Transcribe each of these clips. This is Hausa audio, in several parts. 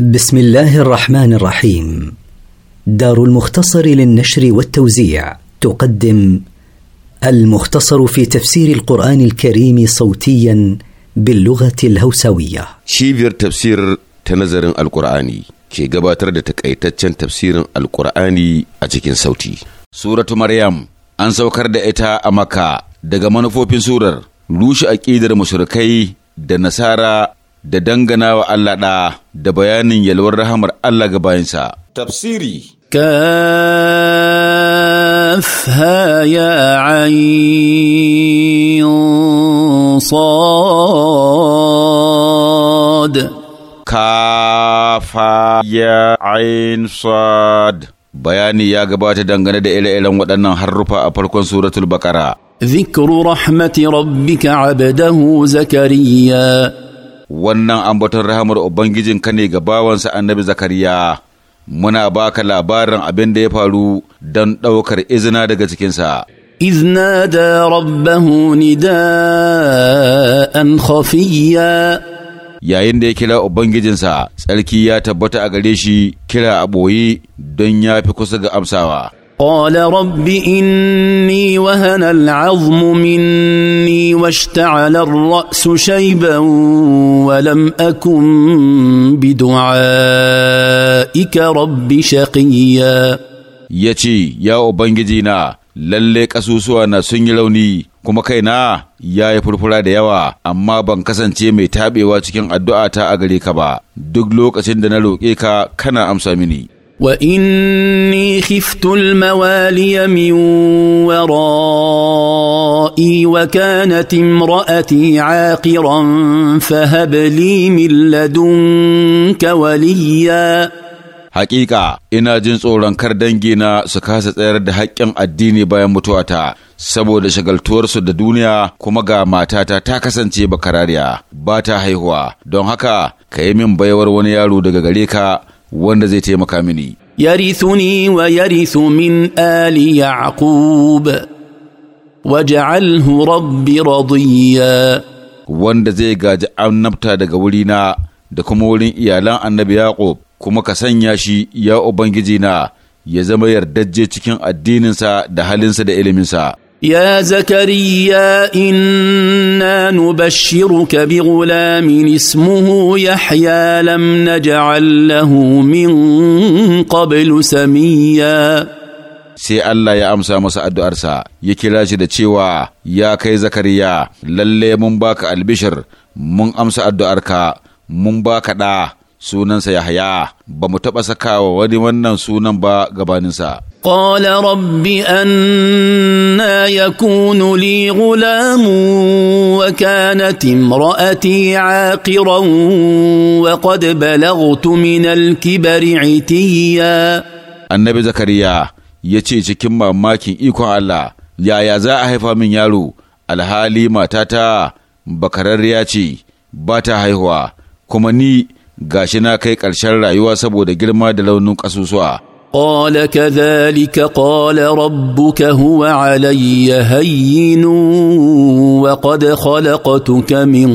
بسم الله الرحمن الرحيم دار المختصر للنشر والتوزيع تقدم المختصر في تفسير القرآن الكريم صوتيا باللغة الهوسوية شيفير تفسير تنظر القرآني كي قباتر تكأيتتشن تفسير القرآني أجيكين صوتي سورة مريم أنسو كرد إتا أمكا a maka daga manufofin surar rushe aƙidar mushrikai da danganawa Allah ɗa da bayanin yalwar rahamar Allah ga bayansa. Tafsiri Kafa ha ya sad. Kafa ha ya sad. Bayani ya gabata dangane da ire-iren waɗannan harrufa a farkon suratul baƙara. Zikru rahmati rabbika abdahu zakariya. wannan ambaton rahamar ubangijin ka ne ga bawansa annabi zakariya muna baka labarin abin da ya faru don ɗaukar izina daga cikinsa إذ نادى da نداء خفيا yayin da ya kira Ubangijinsa, tsarki ya tabbata a gare shi kira a ɓoye don ya fi kusa ga amsawa. قال رب اني وهن العظم مني واشتعل الراس شيبا ولم اكن بدعائك رب شقيا يتي يا اوبنجينا للي ƙasusuwa na sunyi rauni kuma kaina ya yi furfura da yawa amma ban kasance mai taɓewa cikin addu'ata a gare ka ba duk lokacin da na roƙe ka kana amsa mini واني خفت الموالي من ورائي وكانت امراتي عاقرا فهب لي من لدنك وليا Hakika ina jin tsoron kar dangina su kasa tsayar da haƙƙin addini bayan mutuwata saboda shagaltuwarsu da duniya kuma ga matata ta kasance bakarariya ba ta haihuwa don haka ka yi min baiwar wani yaro daga gare ka wanda zai taimaka mini yarithuni wa yarithu min ali yaqub waj'alhu rabbi radiya wanda zai gaji annabta daga wurina da kuma wurin iyalan annabi yaqub kuma ka sanya shi ya ubangijina ya zama yardajje cikin addininsa da halinsa da iliminsa يا زكريا انا نبشرك بغلام اسمه يحيى لم نجعل له من قبل سميا sai Allah ya amsa masa addu'arsa ya kira shi da cewa ya kai zakariya lalle mun baka albishir mun amsa addu'arka mun baka ɗa sunansa Yahya. ba mu taɓa sakawa wani wannan sunan ba gabaninsa قال رب أنا يكون لي غلام وكانت امرأتي عاقرا وقد بلغت من الكبر عتيا النبي زكريا yace cikin mamakin ikon Allah yaya za a haifa min yaro alhali matata bakararriya ce ba ta haihuwa kuma ni gashi na kai ƙarshen rayuwa saboda girma da launin ƙasusuwa قال كذلك قال ربك هو علي هين وقد خلقتك من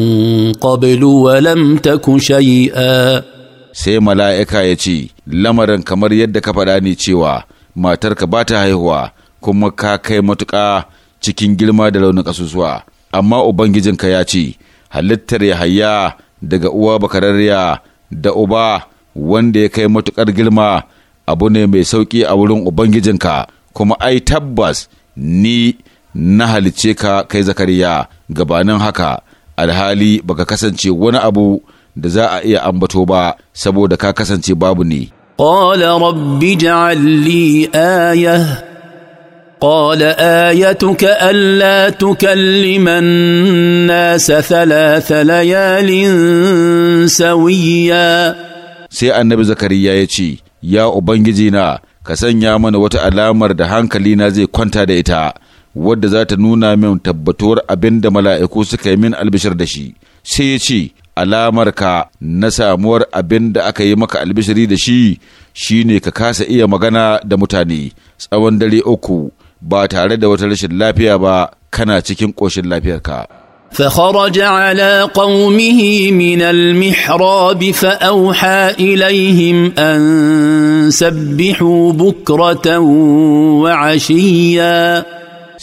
قبل ولم تك شيئا sai mala'ika ya ce, Lamarin kamar yadda ka faɗa ni cewa matarka ba ta haihuwa kuma ka kai matuƙa cikin girma da launin ƙasusuwa, amma Ubangijinka ya ce, Halittar ya hayya daga uwa bakararriya da uba wanda ya kai matuƙar girma abu ne mai sauƙi a wurin Ubangijinka, kuma ai tabbas ni na halice ka kai zakariya gabanin haka alhali baka kasance wani abu da za a iya ambato ba saboda ka kasance babu ne. Ƙola rabbi ja'al li aya, ƙola ayatuka Allah tukalliman nasa thalatha layalin Sai annabi zakariya ya ce, ya Ubangiji na ka sanya mana wata alamar da hankali na zai kwanta da ita, wadda za ta nuna min tabbatuwar abin da mala'iku suka yi min albishir da shi, sai ya ce, ka na samuwar abin da aka yi maka albishiri da shi shi ne ka kasa iya magana da mutane tsawon dare uku ba tare da wata rashin lafiya ba kana cikin ƙoshin lafiyarka. فخرج على قومه من المحراب فاوحى اليهم ان سبحوا بكره وعشيا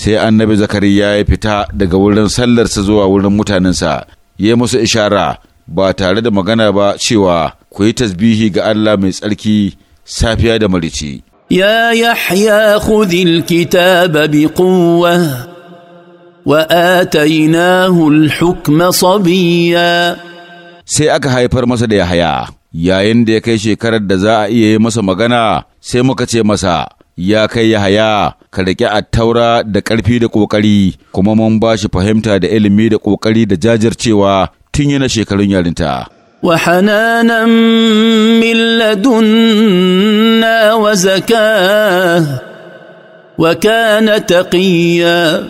sai annabi zakariya ya fita daga wurin sallarsa zuwa wurin mutanensa ya musu ishara ba tare da magana ba cewa ku yi tasbihi ga Allah mai tsarki safiya da marici ya yahya khudhil kitaba biquwwah وآتيناه الحكم صبيا sai aka haifar masa da Yahaya yayin da ya kai shekarar da za a iya yi masa magana sai muka ce masa ya kai Yahaya ka riƙe attaura da ƙarfi da ƙoƙari kuma mun ba shi fahimta da ilimi da ƙoƙari da jajircewa tun yana shekarun yarinta وحنانا من لدنا وزكاه وكان تقيا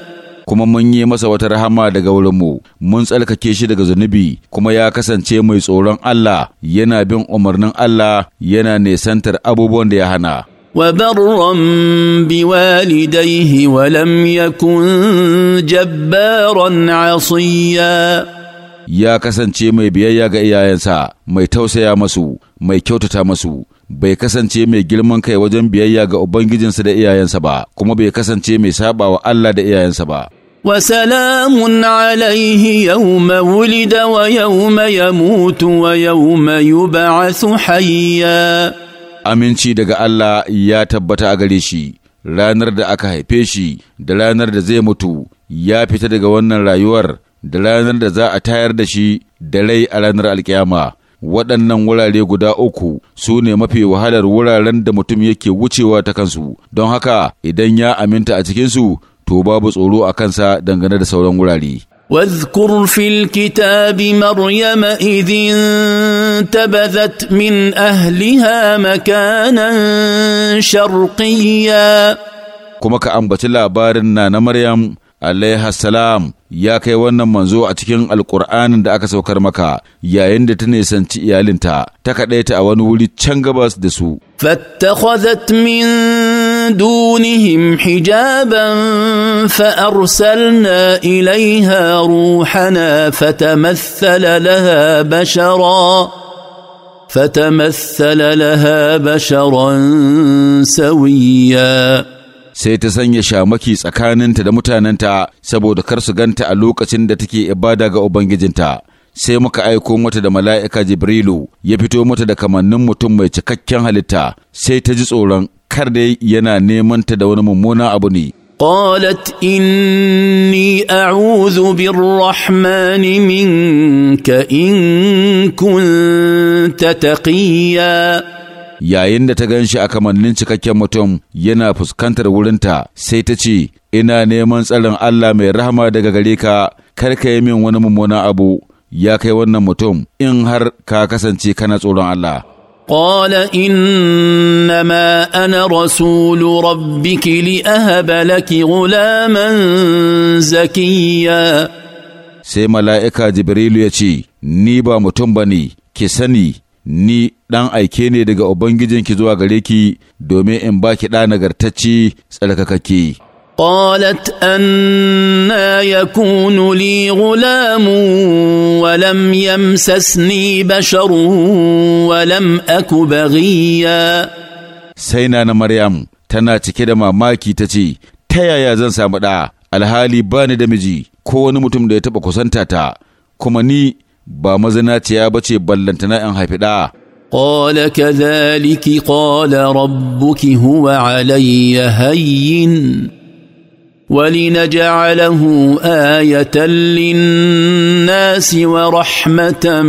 kuma mun yi masa wata rahama daga wurinmu mun tsarkake shi daga zunubi kuma ya kasance mai tsoron Allah yana bin umarnin Allah yana nesantar abubuwan da ya hana وبرا بوالديه ولم يكن جبارا عصيا ya kasance mai biyayya ga iyayensa mai tausaya masu mai kyautata masu bai kasance mai girman kai wajen biyayya ga ubangijinsa da iyayensa ba kuma bai kasance mai saba wa Allah da iyayensa ba وسلام عليه يوم ولد ويوم يموت ويوم يبعث حيا aminci daga Allah ya tabbata a gare shi ranar da aka haife shi da ranar da zai mutu ya fita daga wannan rayuwar da ranar da za a tayar da shi da rai a ranar alkiyama waɗannan wurare guda uku su ne mafi wahalar wuraren da mutum yake wucewa ta kansu don haka idan ya aminta a cikinsu to babu tsoro a kansa dangane da sauran wurare. Wazkurfil kitabi الكتاب مريم إذ انتبذت من أهلها مكانا شرقيا kuma ka ambaci labarin na na Maryam alaiha ya kai wannan manzo a cikin alkur'anin da aka saukar maka yayin da ta nisanci iyalinta ta kaɗaita a wani wuri can gabas da su. Fattakhazat min دونهم حجابا فارسلنا اليها روحنا فتمثل لها بشرا فتمثل لها بشرا سويا sai ta sanya shamaki tsakaninta da mutanenta saboda kar su ganta a lokacin da take ibada ga ubangijinta sai muka aiko mata da mala'ika Jibrilu ya fito mata da kamannin mutum mai cikakken halitta sai ta ji tsoron kar dai yana neman ta da wani mummunan abu ne قالت اني اعوذ Minka, منك ان كنت تقيا yayin da ta gan shi a kamannin cikakken mutum yana fuskantar wurinta sai ta ce ina neman tsarin Allah mai rahama daga gare ka kar ka yi min wani mummunan abu ya kai wannan mutum in har ka kasance kana tsoron Allah قال انما انا رسول ربك لاهب لك غلاما زكيا sai mala'ika jibrilu ya ce ni ba mutum ba ne ki sani ni ɗan aike ne daga ki zuwa gare ki domin in baki ki ɗa nagartacci tsarkakakke قالت انا يكون لي غلام ولم يمسسني بشر ولم اك بغيا سينا مريم tana cike da mamaki ta ce ta yaya zan samu ɗa alhali bani da miji ko wani mutum da ya taɓa kusanta ta kuma ni ba mazinaciya ba ce ballantana in haifi ɗa قال كذلك قال ربك هو علي هين ولنجعله ايه للناس ورحمه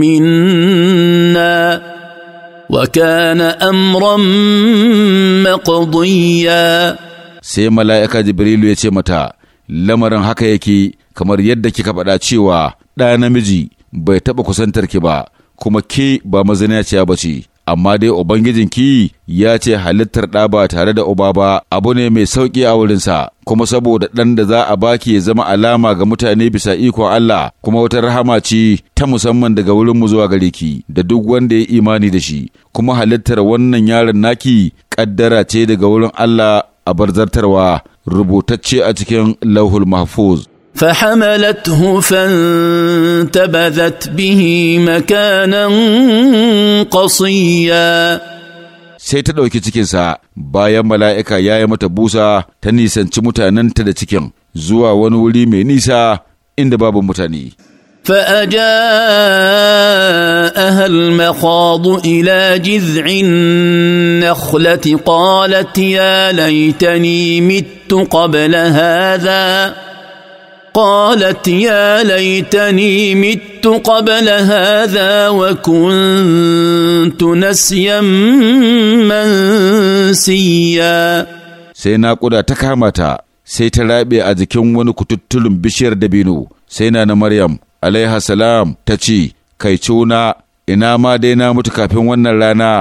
منا وكان امرا مقضيا sai mala'ika jibrilu ya ce mata lamarin haka yake kamar yadda kika faɗa cewa ɗa namiji bai taɓa kusantar ki ba kuma ke ba mazinaciya ba ce amma dai Ubangijinki ya ce halittar ɗa ba tare da uba ba abu ne mai sauƙi a wurinsa, kuma saboda ɗan da za a baki ya zama alama ga mutane bisa ikon Allah, kuma wata rahama ce ta musamman daga wurinmu zuwa gare ki, da duk wanda ya imani da shi, kuma halittar wannan yaron naki ƙaddara ce daga wurin Allah a barzartarwa rubutacce a cikin lauhul mahfuz. فحملته فانتبذت bihi makana'n قصيا sai ta ɗauki cikinsa bayan mala’ika ya yi mata busa ta nisanci mutanenta da cikin zuwa wani wuri mai nisa inda babu mutane. fa’aja ahal makwadu ila jiz'in na khulati ƙalati ya laitani mitu ƙabila hada قالت يا ليتني مت قبل هذا وكنت نسيا منسيا sai naƙuda ta kama sai ta raɓe a jikin wani kututturin bishiyar dabino sai na na maryam alaiha salam ta ce kai cuna ina ma dai na mutu kafin wannan rana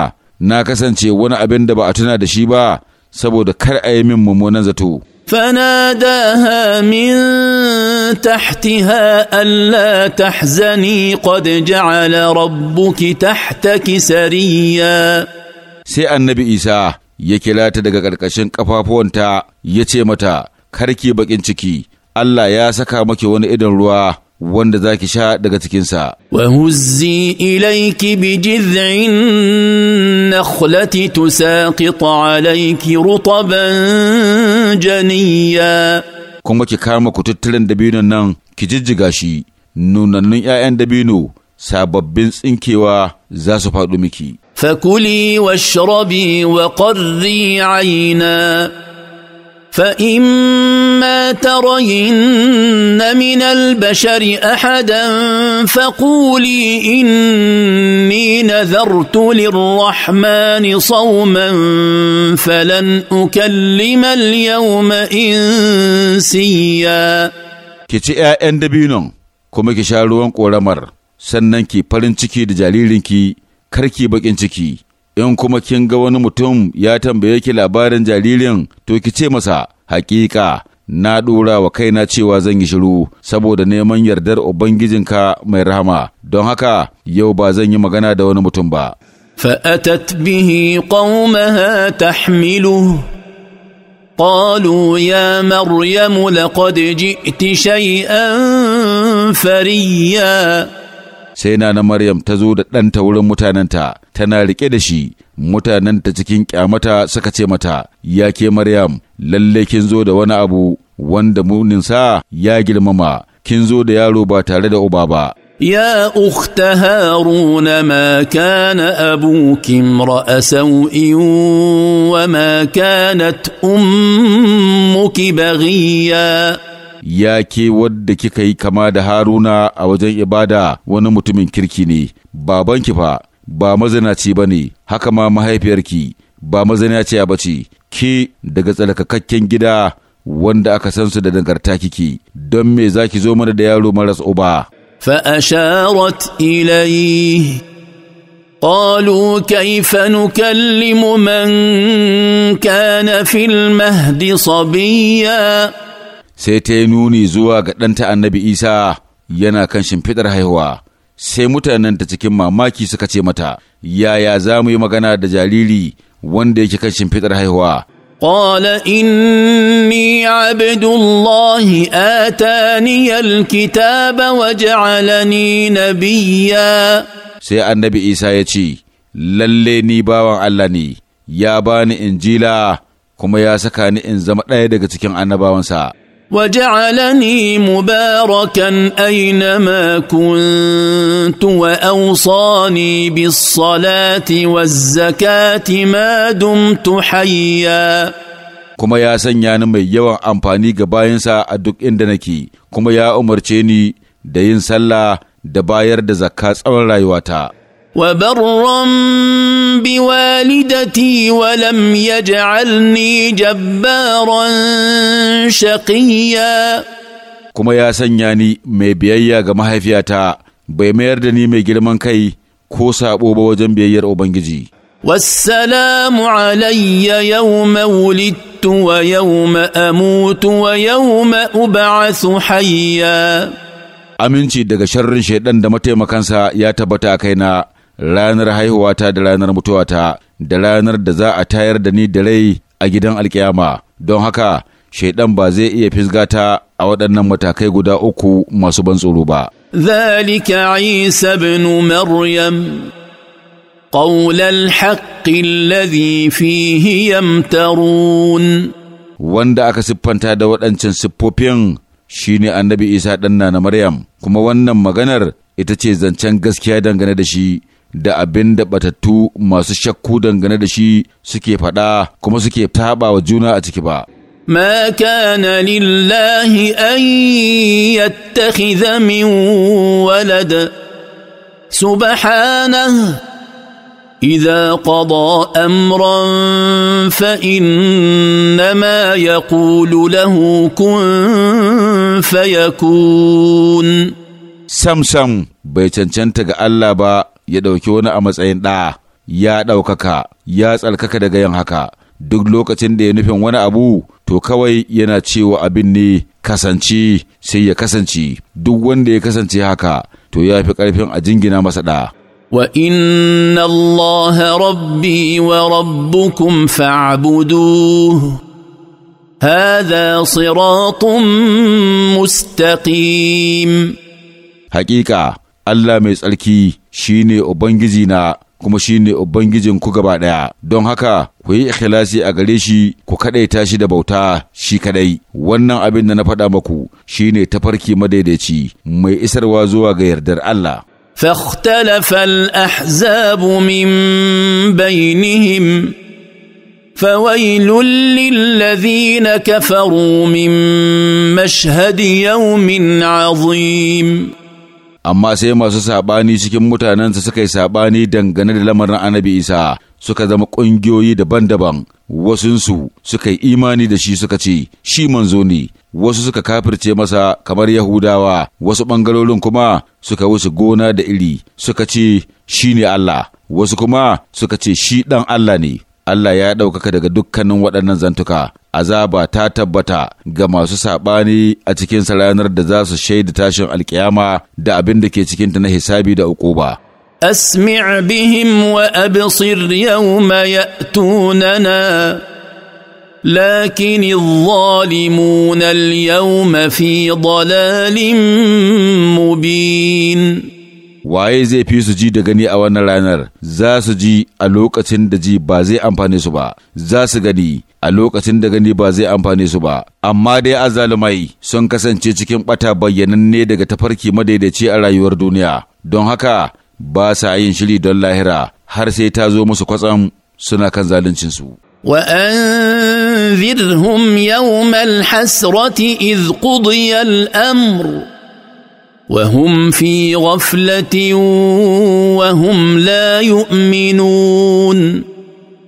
na kasance wani abin da ba a tuna da shi ba saboda kar a yi min mummunan zato فناداها من تحتها ألا تحزني قد جعل ربك تحتك سريا سي النبي إيسا يكي لا تدقى قد قشن قفافون تا يتيمتا كاركي بك تكي ألا يا سكا مكي وان إدن روا وان ذاك شاء دقى تكينسا وهزي إليك بجذع النخلة تساقط عليك رطبا جنيا kuma ki kama tattalin dabinon nan ki jijjiga shi nunannun 'ya'yan dabino sababbin tsinkewa za su faɗo miki. Fakuli wa shirabi wa ƙarri aina. فإما ترين من البشر أحدا فقولي إني نذرت للرحمن صوما فلن أكلم اليوم إنسيا kici ‘ya'yan dabinon kuma ki sha ruwan ƙoramar sannan ki farin ciki da kar karki baƙin ciki in kuma kin ga wani mutum ya tambaye ki labarin jaririn to ki ce masa hakika na ɗora wa kaina cewa zan yi shiru saboda neman yardar ka mai rahama don haka yau ba zan yi magana da wani mutum ba فأتت به قومها تحمله قالوا يا مريم لقد جئت شيئا فريا sai na Maryam ta zo da ɗanta wurin mutanenta, tana riƙe da shi, mutanenta cikin ƙyamata suka ce mata, Ya ke Maryam, lalle kin zo da wani abu wanda munin sa ya girmama, kin zo da yaro ba tare da uba ba. يا اخت هارون ما كان ابوك امرا سوء وما كانت امك بغيا ya ke wadda kika yi kama da haruna a wajen ibada wani mutumin kirki ne babanki fa ba mazinaci ba ne haka ma mahaifiyarki ba mazinaciya ba ce ke daga tsarkakakken gida wanda aka san su da dangarta kike don me za ki zo mana da yaro maras uba فأشارت إليه قالوا كيف نكلم من كان في المهد صبيًّا sai ta yi nuni zuwa ga ɗanta annabi Isa yana kan shimfiɗar haihuwa. Sai mutanen ta cikin mamaki suka ce mata, Yaya za mu yi magana da jariri wanda yake kan shimfiɗar haihuwa? قال إني عبد الله آتاني الكتاب na biya. sai annabi Isa ya ce, Lalle ni bawan Allah ne, ya bani injila kuma ya saka ni in zama ɗaya daga cikin annabawansa. وجعلني مباركا اينما كنت واوصاني بالصلاه والزكاه ما دمت حيا kuma ya sanya ni mai yawan amfani ga bayansa a duk inda nake kuma ya umarce ni da yin sallah da bayar da zakka tsawon rayuwata وبرا بوالدتي ولم يجعلني جبارا شقيا kuma ya sanya ni mai biyayya ga mahaifiyata bai mayar da ni mai girman kai ko saɓo ba wajen biyayyar ubangiji والسلام علي يوم ولدت ويوم أموت ويوم أبعث حيا aminci daga sharrin shaidan da mataimakansa ya tabbata a kaina ranar haihuwata da ranar mutuwata da ranar da za a tayar da ni da rai a gidan alkiyama don haka shaidan ba zai iya fisgata a waɗannan matakai guda uku masu ban tsoro ba. Zalika Isa bin Maryam haƙƙin الحق fi فيه wanda aka siffanta da waɗancan siffofin shine annabi isa ɗan na maryam kuma wannan maganar ita ce zancen gaskiya dangane da shi da abin da batattu masu shakku dangane da shi suke faɗa kuma suke taɓa wa juna a ciki ba. ما كان لله أن يتخذ من ولد سبحانه إذا قضى أمرا فإنما يقول له كن فيكون سم سم بيتشنتك ya ɗauki wani a matsayin ɗa ya ɗaukaka ya tsarkaka daga yin haka duk lokacin da ya nufin wani abu to kawai yana cewa abin ne kasance sai ya kasance duk wanda ya kasance haka to ya fi ƙarfin a jingina masa ɗa. Wa inna Allah Rabbi wa rabbukum fa'budu Hada siratun mustaqim. Haƙiƙa Allah mai tsarki shi ne Ubangiji na kuma shi ne Ubangijin ku gaba ɗaya, don haka ku yi ikhlasi a gare shi ku kaɗaita shi da bauta shi kaɗai. Wannan abin da na faɗa maku shi ne tafarki madaidaici mai isarwa zuwa ga yardar Allah. فاختلف الأحزاب من بينهم فويل للذين كفروا من مشهد يوم عظيم amma sai masu saɓani cikin mutanensa suka yi saɓani dangane da lamarin annabi isa suka zama ƙungiyoyi daban-daban wasunsu suka yi imani da shi suka ce shi manzo ne wasu suka kafirce masa kamar yahudawa wasu ɓangarorin kuma suka wuce gona da iri suka ce shi ne allah wasu kuma suka ce shi ɗan allah ne Allah ya ɗaukaka daga dukkanin waɗannan zantuka, azaba ta tabbata ga masu saɓani a cikin ranar da za su shaida tashin alkiyama da abin da ke cikinta na hisabi da uquba. أسمع بهم وأبصر lakin يأتوننا لكن الظالمون اليوم fi ضلال mubin. waye zai fi su ji da gani a wannan ranar za su ji a lokacin da ji ba zai amfane su ba za su gani a lokacin da gani ba zai amfane su ba amma dai azzalumai sun kasance cikin bata bayyananne daga tafarki madaidaici a rayuwar duniya don haka ba sa yin shiri don lahira har sai ta zo musu kwatsam suna kan zaluncinsu وأنذرهم يوم الحسرة إذ قضي الأمر وهم في غفلة وهم لا يؤمنون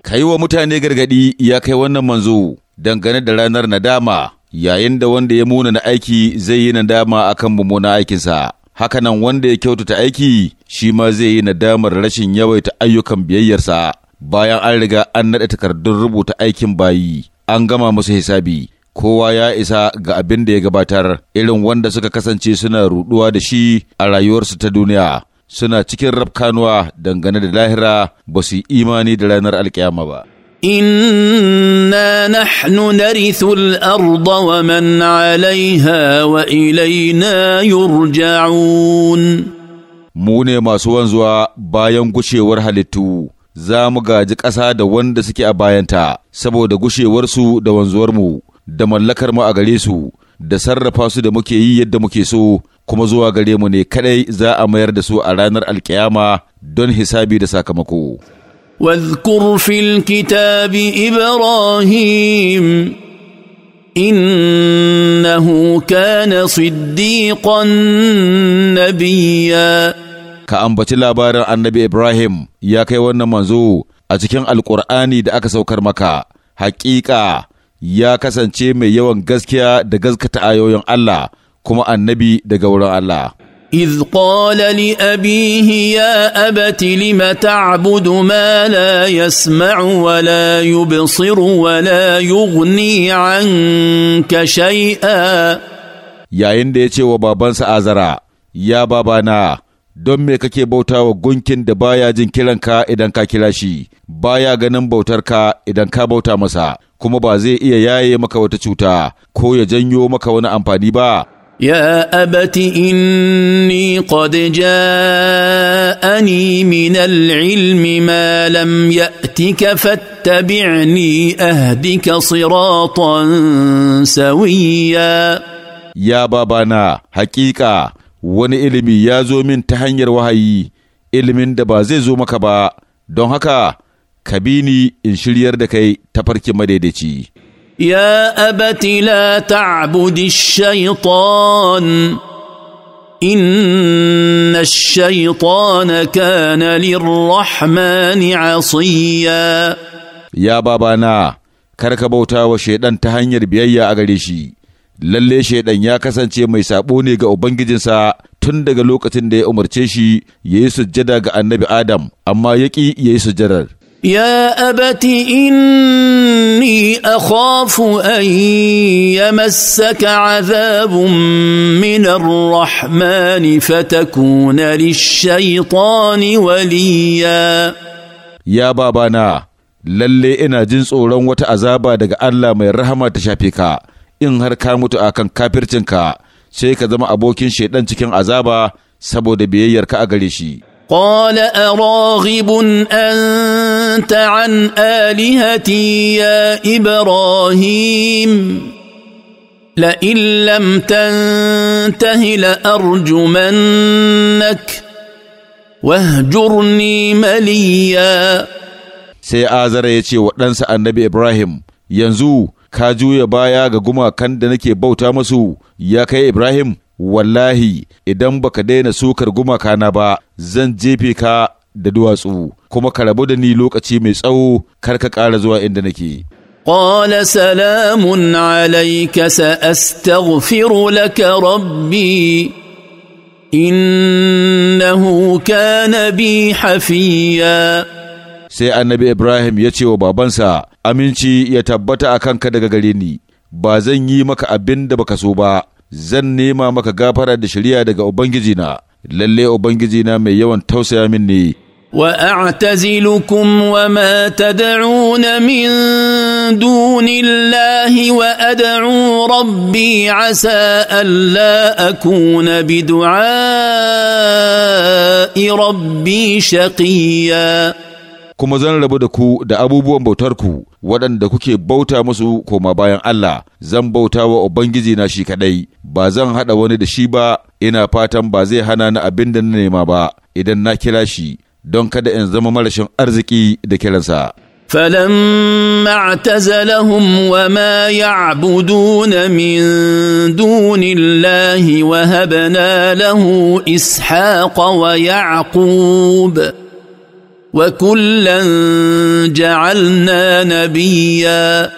kaiwa mutane gargadi ya kai wannan manzo dangane da ranar nadama yayin da wanda ya muna na aiki zai yi nadama akan mummunan aikinsa hakanan wanda ya kyautata aiki shi ma zai yi nadamar rashin yawaita ayyukan biyayyarsa bayan an riga an naɗa takardun rubuta aikin bayi an gama musu hisabi kowa ya isa ga abin da ya gabatar irin wanda suka kasance suna ruduwa da shi a rayuwarsu ta duniya suna cikin rafkanuwa dangane da lahira ba su imani da ranar alkiyama ba إنا نحن wa man alaiha wa ilaina yurja'un. mu ne masu wanzuwa bayan gushewar halittu, za mu gaji ƙasa da wanda suke a bayanta, saboda gushewarsu da wanzuwarmu. da mallakar mu a gare su da sarrafa su da muke yi yadda muke so kuma zuwa gare mu ne kaɗai za a mayar da su a ranar alkiyama don hisabi da sakamako. واذكر في Ibrahim, ابراهيم انه كان صديقا ka ambaci labarin annabi Ibrahim ya kai wannan manzo a cikin Alƙur'ani da aka saukar maka, haƙiƙa ya kasance mai yawan gaskiya da gaskata ayoyin Allah kuma annabi daga wurin Allah. إذ قال لأبيه يا أبت لم تعبد ما لا يسمع ولا يبصر ولا يغني عنك شيئا yayin da ya ce wa babansa azara ya babana don me kake bauta wa gunkin da baya jin kiranka idan ka kira shi baya ganin bautarka idan ka bauta masa kuma ba zai iya yaye maka wata cuta ko ya janyo maka wani amfani ba يا أبت إني قد ya. من العلم ما لم يأتك فاتبعني أهدك صراطا سويا Ya babana hakika wani ilimi ya zo min ta hanyar wahayi ilimin da ba zai zo maka ba don haka ka bi ni in shiryar da kai ta tafarki madaidaici. ya أبت لا تعبد الشيطان إن الشيطان كان للرحمن ya baba na karka bauta wa shaidan ta hanyar biyayya a gare shi lalle shaidan ya kasance mai sabo ne ga ubangijinsa tun daga lokacin da ya umarce shi ya yi sujjada ga annabi adam amma ya ƙi ya yi sujjadar يا أبت إني أخاف أن يمسك عذاب من الرحمن فتكون للشيطان وليا يا بابانا lalle ina jin tsoron wata azaba daga Allah mai rahama ta shafe ka in har ka mutu akan kafircinka sai ka zama abokin shaidan cikin azaba saboda biyayyarka a gare shi qala araghibun an انت عن Ibrahim, يا ابراهيم لئن لم تنته لارجمنك sai azara ya ce wa ɗansa annabi ibrahim yanzu ka juya baya ga gumakan da nake bauta masu ya kai ibrahim wallahi idan baka daina sukar gumakana ba zan jefe ka da duwatsu kuma ka rabu da ni lokaci mai tsawo kar ka ƙara zuwa inda nake. قال سلام عليك ساستغفر لك ربي انه كان بي حفيا sai annabi ibrahim ya ce wa babansa aminci ya tabbata a ka daga Gareni, ba zan yi maka abin da baka so ba zan nema maka gafara da shari'a daga ubangijina lalle na mai yawan tausaya min ne واعتزلكم وما تدعون من دون الله وادعو ربي عسى الا اكون بدعاء ربي شقيا kuma zan rabu da ku da abubuwan bautarku waɗanda kuke bauta musu koma bayan Allah zan bauta wa Ubangiji na shi kaɗai ba zan haɗa wani da shi ba ina fatan ba zai hana ni abin da na nema ba idan na kira shi don kada in zama marashin arziki da kiransa. فلما اعتزلهم وما يعبدون من دون الله وهبنا له اسحاق ويعقوب وكلا جعلنا نبيا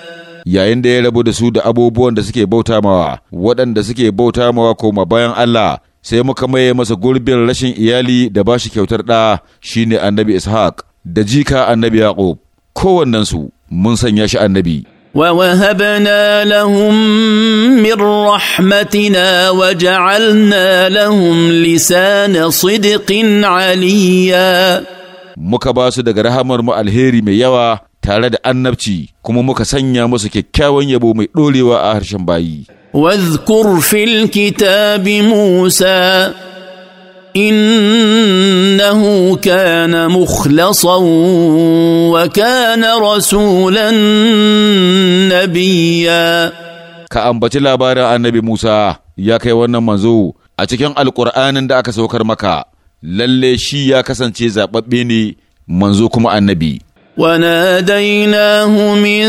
yayin da ya rabu da su da abubuwan da suke bauta mawa waɗanda suke bauta mawa koma bayan Allah sai muka maye masa gurbin rashin iyali da ba shi kyautar ɗa shine annabi ishaq da jika annabi yaqub Kowannansu mun sanya shi annabi ووهبنا لهم من رحمتنا وجعلنا لهم لسان Sidiqin عليا muka ba su daga rahamar mu alheri mai yawa tare da annabci kuma muka sanya musu kyakkyawan yabo mai ɗorewa a harshen bayi واذكر في الكتاب موسى انه كان مخلصا وكان رسولا نبيا ka ambaci labarin annabi Musa ya kai wannan manzo a cikin alƙur'anin da aka saukar maka lalle shi ya kasance zaɓaɓɓe ne manzo kuma annabi وناديناه من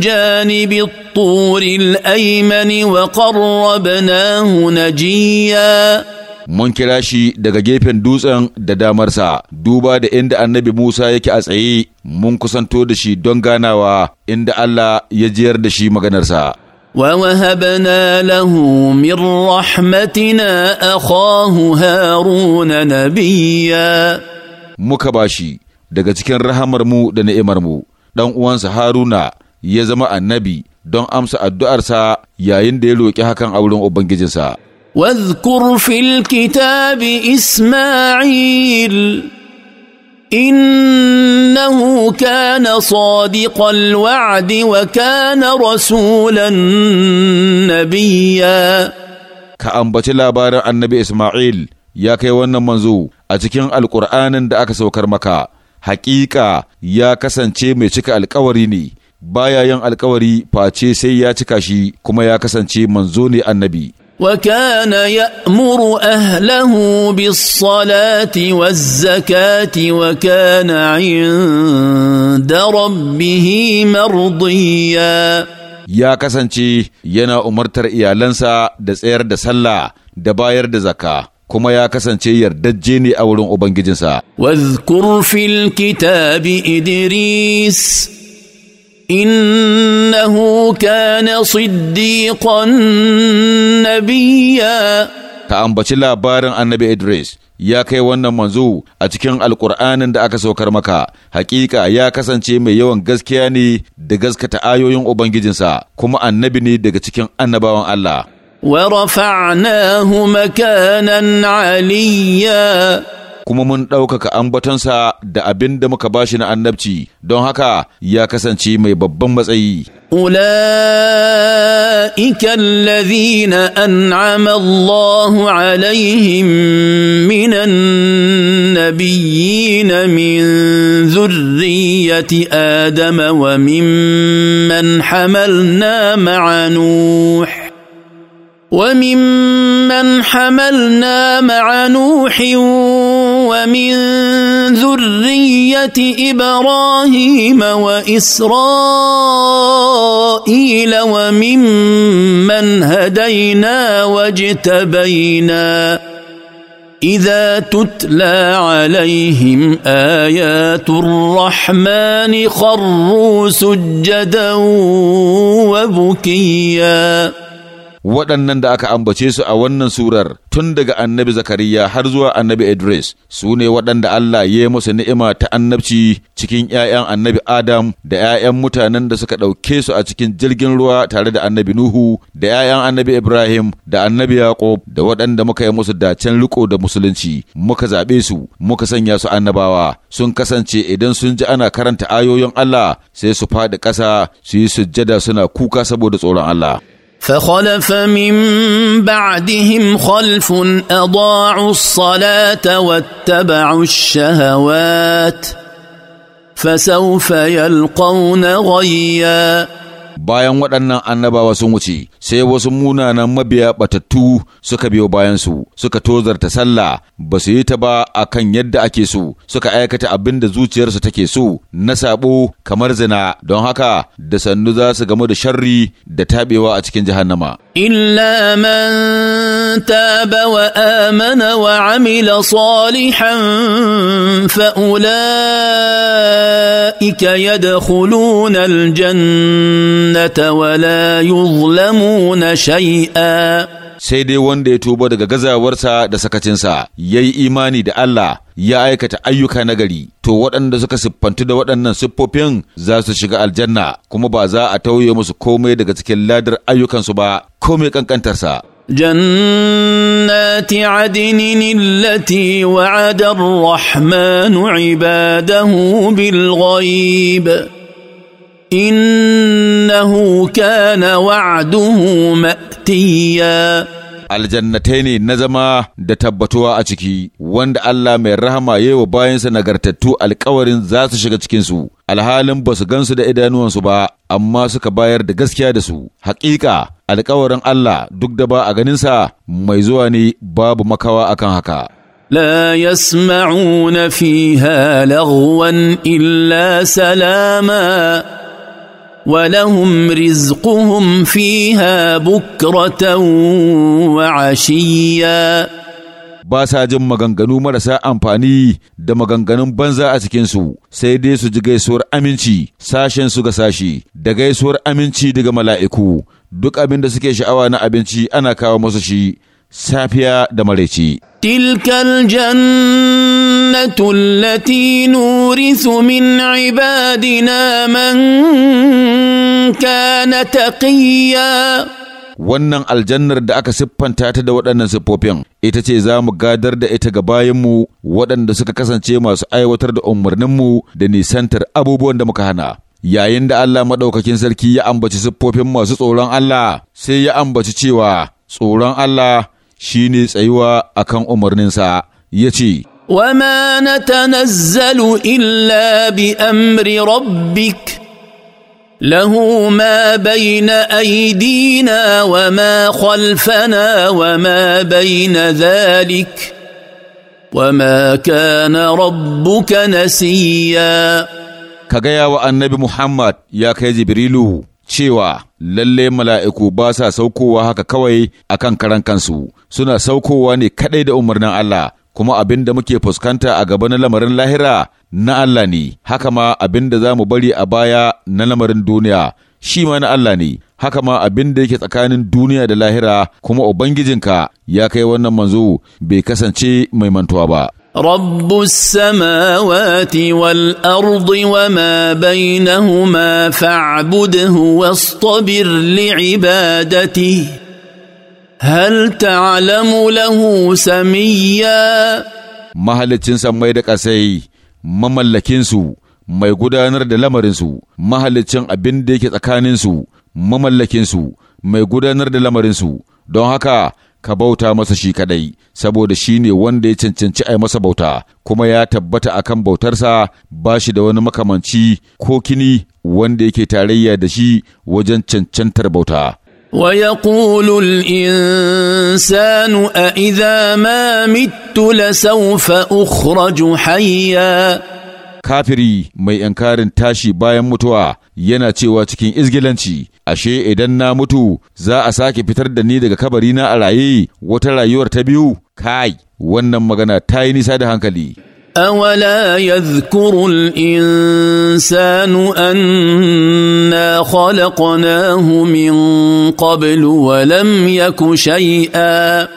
جانب الطور الايمن وقربناه نجيا mun kira shi daga gefen dutsen da damarsa duba da inda annabi Musa yake a tsaye mun kusanto da shi don ganawa inda Allah ya jiyar da shi maganarsa. ووهبنا له من رحمتنا Haruna هارون نبيا muka bashi daga cikin rahamarmu da ni'imarmu ɗan uwansa haruna ya zama annabi don amsa addu'arsa yayin da ya roƙi hakan a wurin ubangijinsa واذكر في الكتاب اسماعيل انه كان صادق الوعد rasulan رسولا Ka ambaci labarin annabi Ismail ya kai wannan manzo a cikin alƙur'anin da aka saukar maka haƙiƙa ya kasance mai cika alkawari ne, baya yin alkawari face sai ya cika shi kuma ya kasance manzo ne annabi. وكان salati أهله zakati والزكاة وكان عند ربه مرضيا ya kasance yana umartar iyalansa da tsayar da sallah da bayar da zaka kuma ya kasance yardajje ne a wurin Ubangijinsa. Wazkur kitabi Idris innahu kana siddiqan Nabiya. Ka ambaci labarin annabi Idris ya kai wannan manzo a cikin alkur'anin da aka saukar maka hakika ya kasance mai yawan gaskiya ne da gaskata ayoyin ubangijinsa kuma annabi ne daga cikin annabawan Allah ورفعناه مكانا عليا kuma mun ɗaukaka ambatonsa da abin da muka bashi na annabci don haka ya kasance mai babban matsayi. Ula'ikan lazina an'ama Allahu alaihim minan nabiyina min zurriyati Adama wa mimman hamalna ma'a وممن حملنا مع نوح ومن ذريه ابراهيم واسرائيل وممن هدينا واجتبينا اذا تتلى عليهم ايات الرحمن خروا سجدا وبكيا waɗannan da aka ambace su a wannan surar tun daga annabi Zakariya har zuwa annabi Idris su ne waɗanda Allah ya yi musu ni'ima ta annabci cikin ‘ya'yan annabi Adam da ‘ya'yan mutanen da suka ɗauke su a cikin jirgin ruwa tare da annabi Nuhu da ‘ya'yan annabi Ibrahim da annabi Yaƙub da waɗanda muka yi musu dacen riko da musulunci muka zaɓe su muka sanya su annabawa sun kasance idan sun ji ana karanta ayoyin Allah sai su faɗi ƙasa su yi sujjada suna kuka saboda tsoron Allah. فخلف من بعدهم خلف اضاعوا الصلاه واتبعوا الشهوات فسوف يلقون غيًّا bayan waɗannan annabawa sun wuce sai wasu munanan mabiya batattu suka biyo bayansu suka tozarta sallah ba su yi ta ba a kan yadda ake so suka aikata abin da zuciyarsu take so na sabo kamar zina don haka da sannu za su gamu da sharri da tabewa a cikin jahannama illa man taba wa amana wa amila salihan fa ulaika yadkhuluna aljanna الجنة ولا يظلمون شيئا sai dai wanda ya tuba daga gazawarsa da sakacinsa ya yi imani da Allah ya aikata ayyuka nagari to waɗanda suka siffantu da waɗannan siffofin za su shiga aljanna kuma ba za a tauye musu komai daga cikin ladar ayyukansu ba komai kankantarsa جنات عدن التي وعد الرحمن عباده بالغيب انه كان وعده ماتيا aljannatai ne na zama da tabbatuwa a ciki wanda Allah mai rahama ya wa bayansa nagartattu alkawarin za su shiga cikinsu alhalin ba su gansu da idanuwansu ba amma suka bayar da gaskiya da su hakika alkawarin Allah duk da ba a ganinsa mai zuwa ne babu makawa akan haka لا يسمعون فيها لغوا الا سلاما ولهم رزقهم فيها بكرة وعشيا ba sa jin maganganu marasa amfani da maganganun banza a cikinsu sai dai su ji gaisuwar aminci sashen su ga sashi da gaisuwar aminci daga mala'iku duk abin da suke sha'awa na abinci ana kawo masu shi safiya da maraice. تلك الجنه التي نورث من عبادنا من كان تقيا wannan aljannar da aka siffanta ta da waɗannan siffofin ita ce za mu gadar da ita ga bayanmu waɗanda suka kasance masu aiwatar da umarninmu da nisantar abubuwan da muka hana yayin da Allah maɗaukakin sarki ya ambaci siffofin masu tsoron Allah sai ya ambaci cewa tsoron Allah shi ne tsayuwa akan kan umarninsa ya ce, Wama na tanazzalu illa bi amri rabbik lahu ma bayna aidina wa ma khalfana wa ma bayna zalik وما كان ربك نسيا كغيا وأنبي محمد يا كيزي بريلو تشيوا للي ملائكو باسا سوكو وهاكا كوي أكان كرن كنسو suna saukowa ne kaɗai da umarnin Allah, kuma abin da muke fuskanta a gaba na lamarin lahira na Allah ne, haka ma abin da za mu bari a baya na lamarin duniya, shi ma na Allah ne, haka ma abin da yake tsakanin duniya da lahira kuma Ubangijinka ya kai wannan manzo bai kasance mai mantuwa ba. رب السماوات والارض وما بينهما فاعبده واصطبر لعبادته هل تعلم له سميا mahalicin mai da ƙasai mamallakinsu mai gudanar da lamarinsu mahaliccin abin da yake tsakaninsu mamallakinsu mai gudanar da lamarinsu don haka ka bauta masa shi kadai saboda shi ne wanda ya cancanci a masa bauta kuma ya tabbata akan bautarsa ba shi da wani makamanci ko kini wanda yake tarayya da shi wajen cancantar bauta ويقول الانسان أإذا ما مت لسوف أخرج حيا kafiri mai yankarin tashi bayan mutuwa yana cewa cikin izgilanci ashe idan na mutu za a sake fitar da ni daga kabarina a raye wata rayuwar ta biyu kai wannan magana ta yi nisa da hankali أولا يذكر الإنسان أنا خلقناه من قبل ولم يك شيئا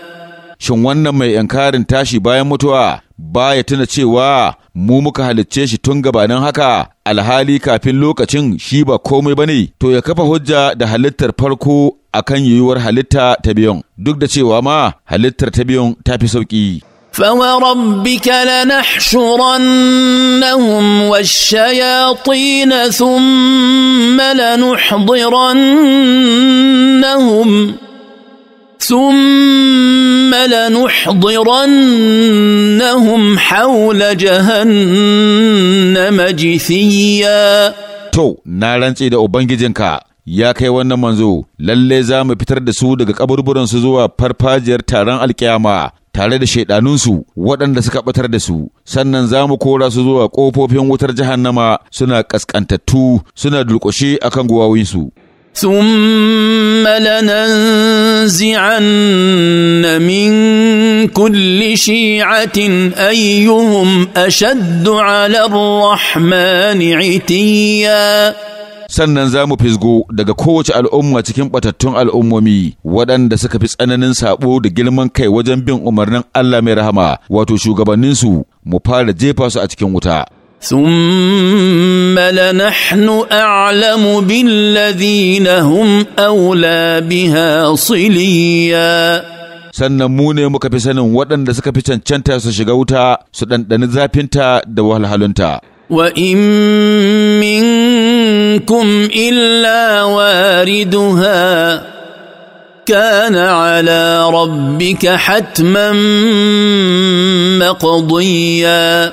Shin wannan mai ‘yankarin tashi bayan mutuwa ba ya tuna cewa mu muka halicce shi tun gabanin haka alhali kafin lokacin shi ba komai ba ne, to ya kafa hujja da halittar farko a kan yiwuwar halitta ta biyun, duk da cewa ma halittar ta biyun ta fi sauƙi. فوربك لنحشرنهم والشياطين ثم لنحضرنهم ثم لنحضرنهم حول جهنم جثيا تو نالن سيدا أوبنجي جنكا يا كي ونمانزو للي زام بتر دسود كابر برانسوزوا پرپاجر تاران الكيما tare da shaidanunsu waɗanda suka ɓatar da su sannan za mu kora su zuwa ƙofofin wutar jahannama suna ƙasƙantattu suna dulƙushe a akan guwawinsu ثم لننزعن من كل شيعه ايهم على الرحمن sannan za mu fisgo daga kowace al'umma cikin batattun al'ummomi waɗanda suka fi tsananin saɓo da girman kai wajen bin umarnin Allah mai rahama wato shugabanninsu mu fara jefa su a cikin wuta. ثم لنحن أعلم بالذين هم أولى بها صليا sannan mu ne muka fi sanin waɗanda suka fi cancanta su shiga wuta su ɗanɗani zafinta da wahalhalunta. Wa in منكم الا واردها كان على ربك حتما مقضيا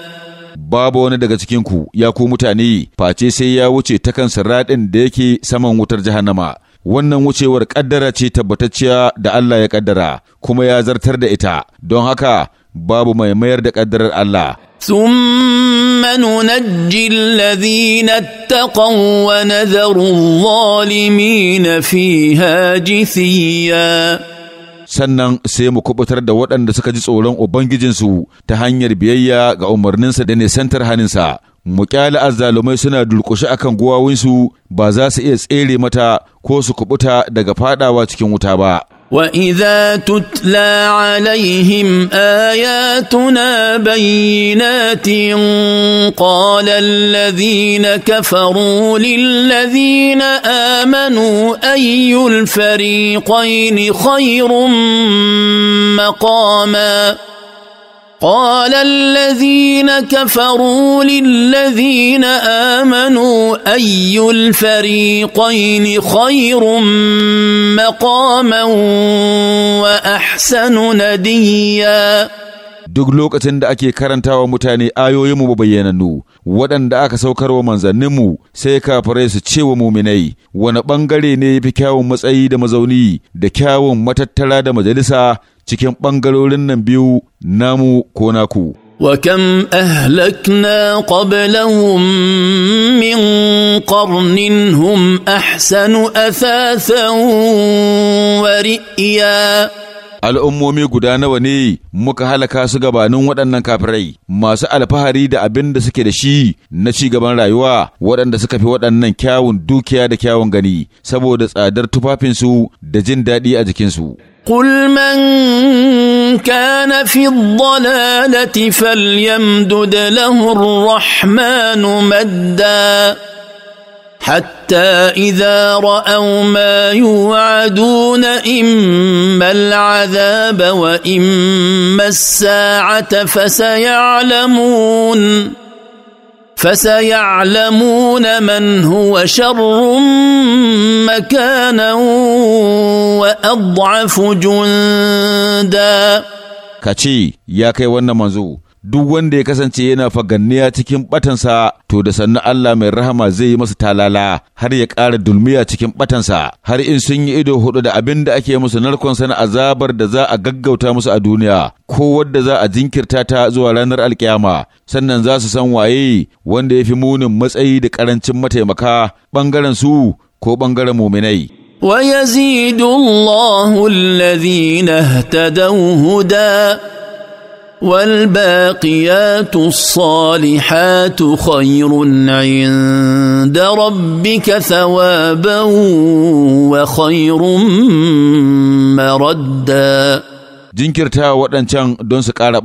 babu wani daga cikinku ya ku mutane face sai ya wuce ta kan sirraɗin da yake saman wutar jahannama wannan wucewar ƙaddara ce tabbatacciya da Allah ya ƙaddara kuma ya zartar da ita don haka babu mai mayar da ƙaddarar Allah ثم ننجي الذين اتقوا ونذر الظالمين فيها جثيا sannan sai mu kubutar da waɗanda suka ji tsoron Ubangijinsu ta hanyar biyayya ga umarninsa da nisantar haninsa, mu ƙyale azzalumai suna durƙushe akan guwawinsu ba za su iya tsere mata ko su kubuta daga fadawa cikin wuta ba. واذا تتلى عليهم اياتنا بينات قال الذين كفروا للذين امنوا اي الفريقين خير مقاما قال الذين كفروا للذين امنوا اي الفريقين خير مقاما واحسن نديا duk lokacin da ake karantawa mutane ayoyinmu bayyanannu waɗanda aka saukar wa manzanninmu sai kafirai su ce wa muminai wani ɓangare ne ya fi kyawun matsayi da mazauni da kyawun matattara da majalisa cikin ɓangarorin nan biyu namu ko naku. وكم اهلكنا قبلهم من قرن هم احسن اثاثا ورئيا al'ummomi guda nawa ne muka halaka su gabanin waɗannan kafirai masu alfahari da abin da suke da shi na ci gaban rayuwa waɗanda suka fi waɗannan kyawun dukiya da kyawun gani saboda tsadar tufafinsu da jin daɗi a jikinsu. قل من كان في الضلالة فليمدد له الرحمن مدّا حتى اذا راوا ما يوعدون اما العذاب واما الساعه فسيعلمون فسيعلمون من هو شر مكانا واضعف جندا كتشي يا كي ونمزو duk wanda ya kasance yana faganniya cikin batansa to da sannu Allah mai rahama zai yi masa talala har ya ƙara dulmiya cikin batansa har in sun yi ido hudu da abin da ake musu narkon sana azabar da za a gaggauta musu a duniya ko wadda za a jinkirta ta zuwa ranar alkiyama sannan za su san waye wanda ya fi munin matsayi da karancin mataimaka bangaren su ko bangaren muminai. ويزيد الله الذين اهتدوا والباقيات الصالحات خير عند ربك ثوابا وخير مردا jinkirta waɗancan don su ƙara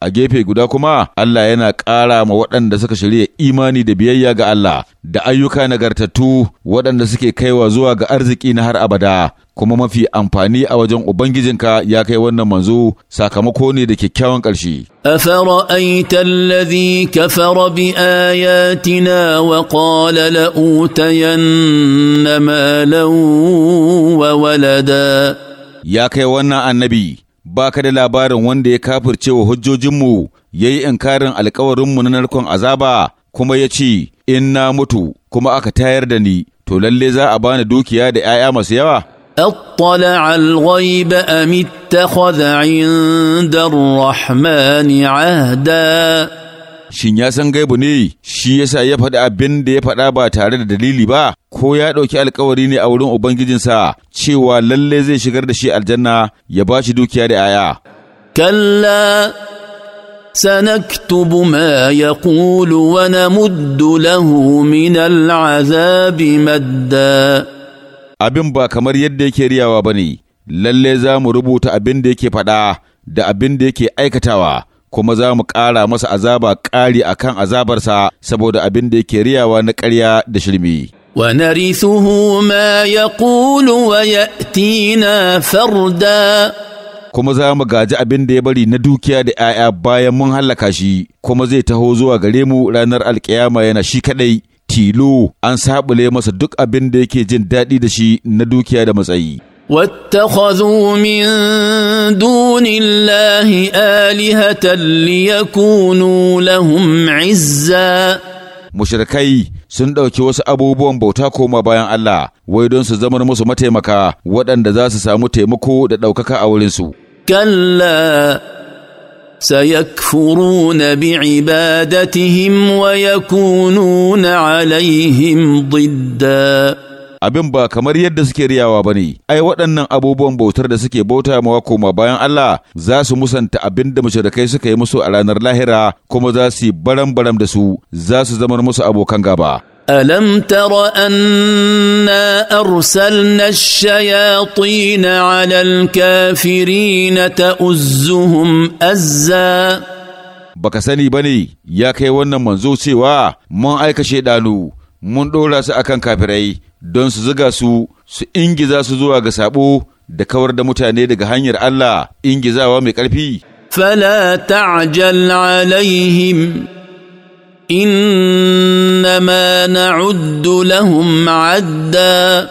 a gefe guda kuma Allah yana ƙara ma waɗanda suka shirya imani da biyayya ga Allah da ayyuka nagartattu waɗanda suke kaiwa zuwa ga arziki na har abada kuma mafi amfani a wajen Ubangijinka ya kai wannan manzo sakamako ne da kyakkyawan ƙarshe. Ya kai wannan annabi. ba ka da labarin wanda ya kafirce wa hujjojinmu ya yi inkarin alkawarinmu na narkon azaba kuma ya ce, In na mutu kuma aka tayar da ni, to lalle za a bani dukiya da ‘ya'ya masu yawa? اطلع الغيب ام اتخذ عند الرحمن عهدا shin ya san gaibu ne shi yasa ya faɗi abin da ya faɗa ba tare da dalili ba ko ya ɗauki alkawari ne a wurin ubangijinsa cewa lalle zai shigar da shi aljanna ya ba shi dukiya da 'ya'ya kalla سنكتب ما يقول ونمد له من العذاب مدا abin ba kamar yadda yake riyawa ba ne, lalle za mu rubuta abin da yake faɗa da abin da yake aikatawa kuma za mu ƙara masa azaba ƙari akan azabarsa saboda abin da yake riyawa na ƙarya da shirmi. ونرثه ما يقول tina farda. kuma za mu gaji abin da ya bari na dukiya da ‘ya'ya bayan mun hallaka shi, kuma zai taho zuwa gare mu ranar alkiyama yana shi kaɗai, tilo an saɓule masa duk abin da yake jin daɗi da shi na dukiya da matsayi. واتخذوا من دون الله آلهة ليكونوا لهم عزا mushrikai sun ɗauki wasu abubuwan bauta koma bayan Allah wai don su zamar musu mataimaka waɗanda za su samu taimako da ɗaukaka a wurinsu. Kalla sayakfuruna bi'ibadatihim wa yakununa alaihim didda. abin ba kamar yadda suke riyawa ba ne, ai waɗannan abubuwan bautar da suke bauta mawa koma bayan Allah za su musanta abin da mushrikai suka yi musu a ranar lahira kuma za su yi baram-baram da su za su zamar musu abokan gaba. ألم تر أنا أرسلنا الشياطين على الكافرين تؤزهم أزا baka sani ba ne ya kai wannan manzo cewa mun aika shaidanu mun ɗora su akan kafirai don su ziga su su ingiza su zuwa ga sabo da kawar da mutane daga hanyar Allah ingizawa mai ƙarfi. Fala ta'jal alaihim innama na'uddu lahum adda.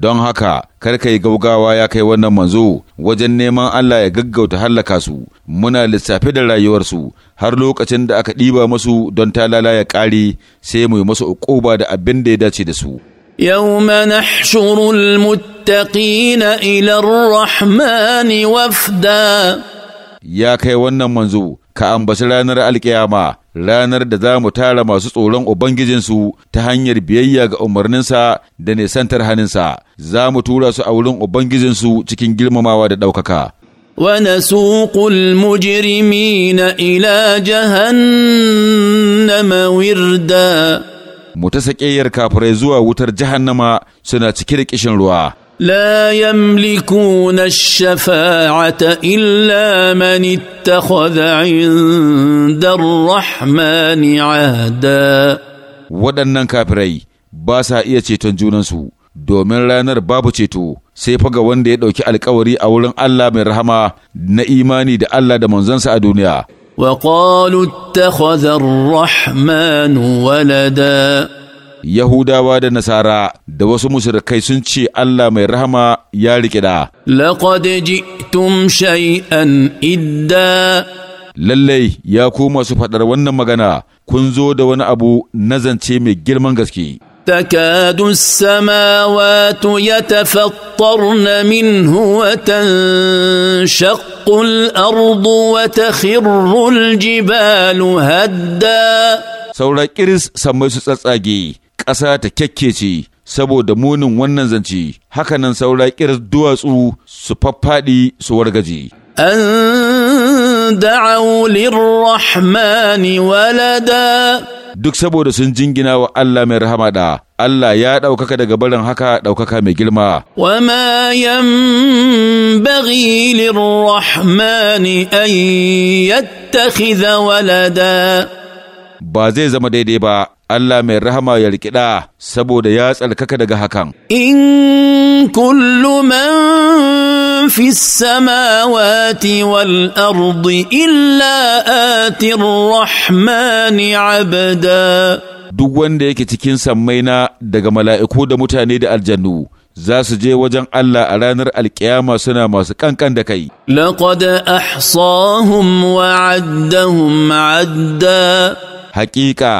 don haka kar ka yi gaugawa ya kai wannan manzo wajen neman Allah ya gaggauta hallaka su muna lissafi da rayuwarsu har lokacin da aka ɗiba masu don talala ya ƙare sai mu yi masu uquba da abin da ya dace da su يوم نحشر المتقين إلى الرحمن وفدا يا كي ونن منزو ka ambaci ranar alƙiyama. ranar da za mu tara masu tsoron Ubangijinsu ta hanyar biyayya ga umarninsa da nisantar haninsa, za mu tura su a wurin Ubangijinsu cikin girmamawa da ɗaukaka. ونسوق المجرمين إلى جهنم وردا متسكير كافريزوا وتر جهنم سنة كيرك ruwa. لا يملكون الشفاعه الا من اتخذ عند الرحمن عهدا waɗannan kafirai ba sa iya ceton junansu domin ranar babu ceto sai faga wanda ya ɗauki alkawari a wurin Allah mai rahama na imani da Allah da manzansa a duniya. وقالوا اتخذ الرحمن ولدا Yahudawa da Nasara da wasu mushrikai sun ce Allah mai rahama ya rikida. Laqad ji'tum shay'an idda Lallai ya koma su faɗar wannan magana kun zo da wani abu na zance mai girman gaske. تكاد السماوات يتفطرن منه وتنشق الارض وتخر الجبال هدا saura kiris sammai su tsatsage ƙasa ta kyakkece saboda munin wannan zance hakanan saura kirar duwatsu su faffaɗi su wargaje. An da'au lirrahmani walada. Duk saboda sun jingina wa Allah mai rahama da Allah ya ɗaukaka daga barin haka ɗaukaka mai girma. Wama yanbaghi lirrahmani an yattakhidha walada. Ba zai zama daidai ba Allah mai rahama ya rikida saboda ya tsarkaka daga hakan. In kullu man fi samawati wal ardi illa atir rahmani abada. Duk wanda yake cikin sammaina daga mala'iku da mutane da aljannu. za su je wajen Allah a ranar alkiyama suna masu kankan da kai. Laqad ahsahum wa addahum adda. Hakika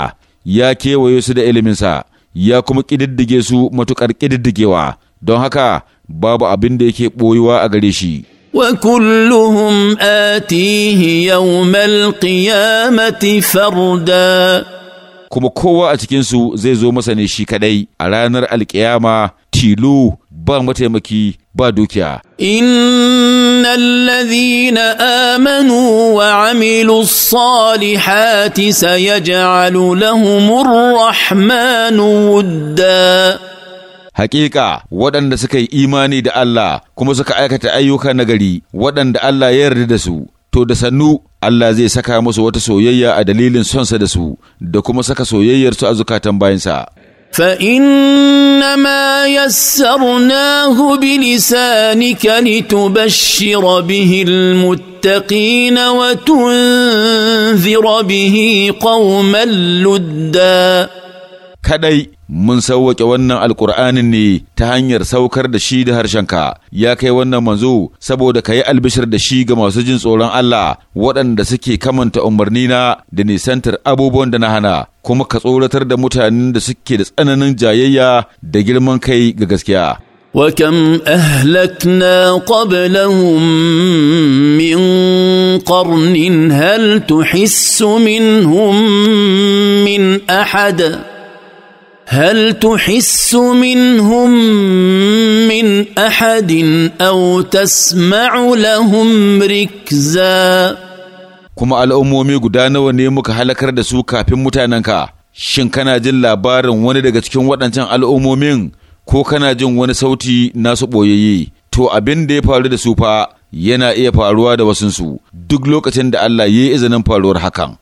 ya kewaye su da iliminsa ya kuma ƙididdige su matuƙar ƙididdigewa don haka babu abin da yake ɓoyewa a gare shi Wa kulluhum atihi يوم القيامة فردا kuma kowa a cikinsu zai zo masa ne shi kaɗai a ranar alkiyama tilo ba mataimaki ba dukiya innal ladhina amanu wa amilus salihati sayaj'alu lahumur rahmanu wudda Hakika waɗanda suka yi imani da Allah kuma suka aikata ayyuka nagari waɗanda Allah ya yarda da su, to da sannu Allah zai saka musu wata soyayya a dalilin sonsa da su, da kuma saka soyayyarsu a zukatan bayansa. فانما يسرناه بلسانك لتبشر به المتقين وتنذر به قوما لدا كدي mun sauwaƙe wannan alƙur'anin ne ta hanyar saukar da shi da harshenka ya kai wannan manzo saboda ka yi albishir da shi ga masu jin tsoron Allah waɗanda suke kamanta umarnina da nisantar abubuwan da na hana kuma ka tsoratar da mutanen da suke da tsananin jayayya da girman kai ga gaskiya وكم اهلكنا قبلهم من قرن هل تحس منهم من احد هل تحس منهم من احد او تسمع لهم ركزا kuma al'ummomi guda nawa ne muka halakar da su kafin mutanenka shin kana jin labarin wani daga cikin waɗancan al'ummomin ko kana jin wani sauti nasu ɓoyayye to abin da ya faru da su fa yana iya faruwa da wasunsu duk lokacin da Allah ya yi izinin faruwar hakan